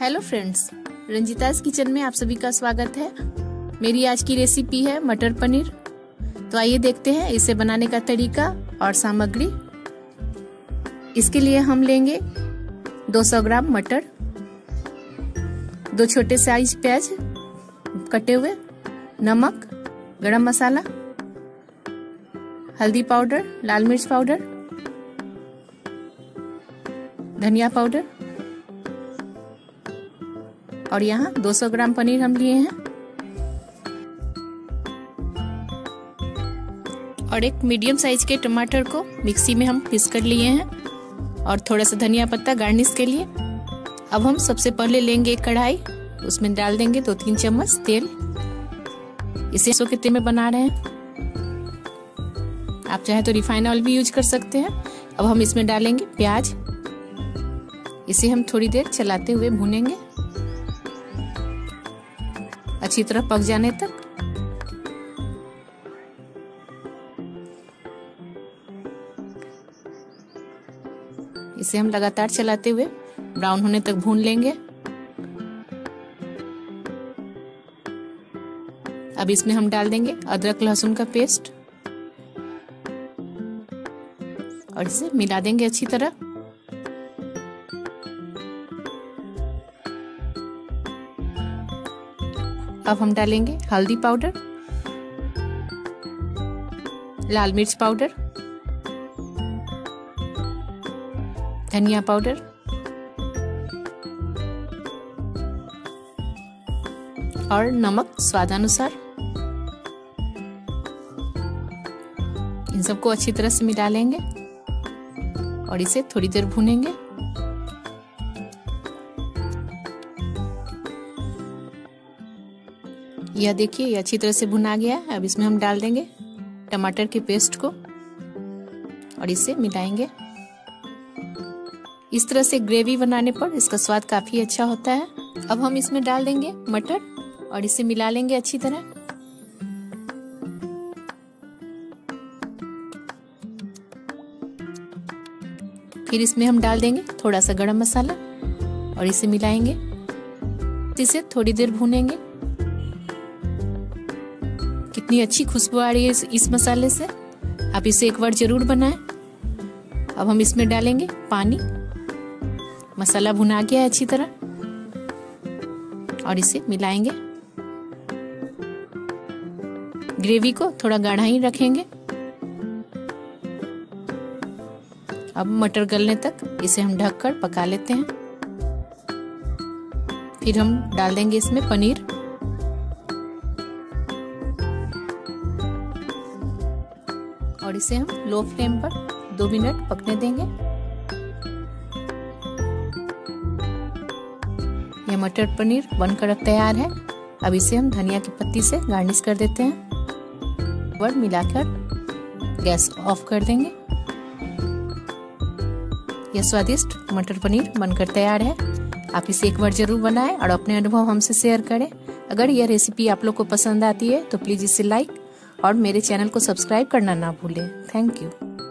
hello friends Ranjita's kitchen में आप सभी का स्वागत है मेरी आज की रेसिपी है मटर पनीर तो आइए देखते हैं इसे बनाने का तरीका और सामग्री इसके लिए हम लेंगे 200 ग्राम मटर दो छोटे साइज प्याज कटे हुए नमक गरम मसाला हल्दी पाउडर लाल मिर्च पाउडर धनिया पाउडर और यहाँ 200 ग्राम पनीर हम लिए हैं और एक मीडियम साइज के टमाटर को मिक्सी में हम पीस कर लिए हैं और थोड़ा सा धनिया पत्ता गार्निश के लिए अब हम सबसे पहले लेंगे एक कढ़ाई उसमें डाल देंगे दो तीन चम्मच तेल इसे सो के तेल में बना रहे हैं आप चाहे तो रिफाइन ऑयल भी यूज कर सकते हैं अब हम इसमें डालेंगे प्याज इसे हम थोड़ी देर चलाते हुए भूनेंगे अच्छी तरह पक जाने तक इसे हम लगातार चलाते हुए ब्राउन होने तक भून लेंगे अब इसमें हम डाल देंगे अदरक लहसुन का पेस्ट और इसे मिला देंगे अच्छी तरह अब हम डालेंगे हल्दी पाउडर लाल मिर्च पाउडर धनिया पाउडर और नमक स्वादानुसार इन सबको अच्छी तरह से मिला लेंगे और इसे थोड़ी देर भूनेंगे यह देखिए यह अच्छी तरह से भुना गया है अब इसमें हम डाल देंगे टमाटर के पेस्ट को और इसे मिलाएंगे इस तरह से ग्रेवी बनाने पर इसका स्वाद काफी अच्छा होता है अब हम इसमें डाल देंगे मटर और इसे मिला लेंगे अच्छी तरह फिर इसमें हम डाल देंगे थोड़ा सा गरम मसाला और इसे मिलाएंगे इसे थोड़ी देर भूनेंगे कितनी अच्छी खुशबू आ रही है इस, इस मसाले से आप इसे एक बार ज़रूर बनाएं अब हम इसमें डालेंगे पानी मसाला भुना गया है अच्छी तरह और इसे मिलाएंगे ग्रेवी को थोड़ा गाढ़ा ही रखेंगे अब मटर गलने तक इसे हम ढककर पका लेते हैं फिर हम डाल देंगे इसमें पनीर और इसे हम लो फ्लेम पर दो मिनट पकने देंगे यह मटर पनीर बनकर तैयार है अब इसे हम धनिया की पत्ती से गार्निश कर देते हैं और मिलाकर गैस ऑफ कर देंगे यह स्वादिष्ट मटर पनीर बनकर तैयार है आप इसे एक बार जरूर बनाएं और अपने अनुभव हमसे शेयर करें अगर यह रेसिपी आप लोग को पसंद आती है तो प्लीज़ इसे लाइक और मेरे चैनल को सब्सक्राइब करना ना भूलें थैंक यू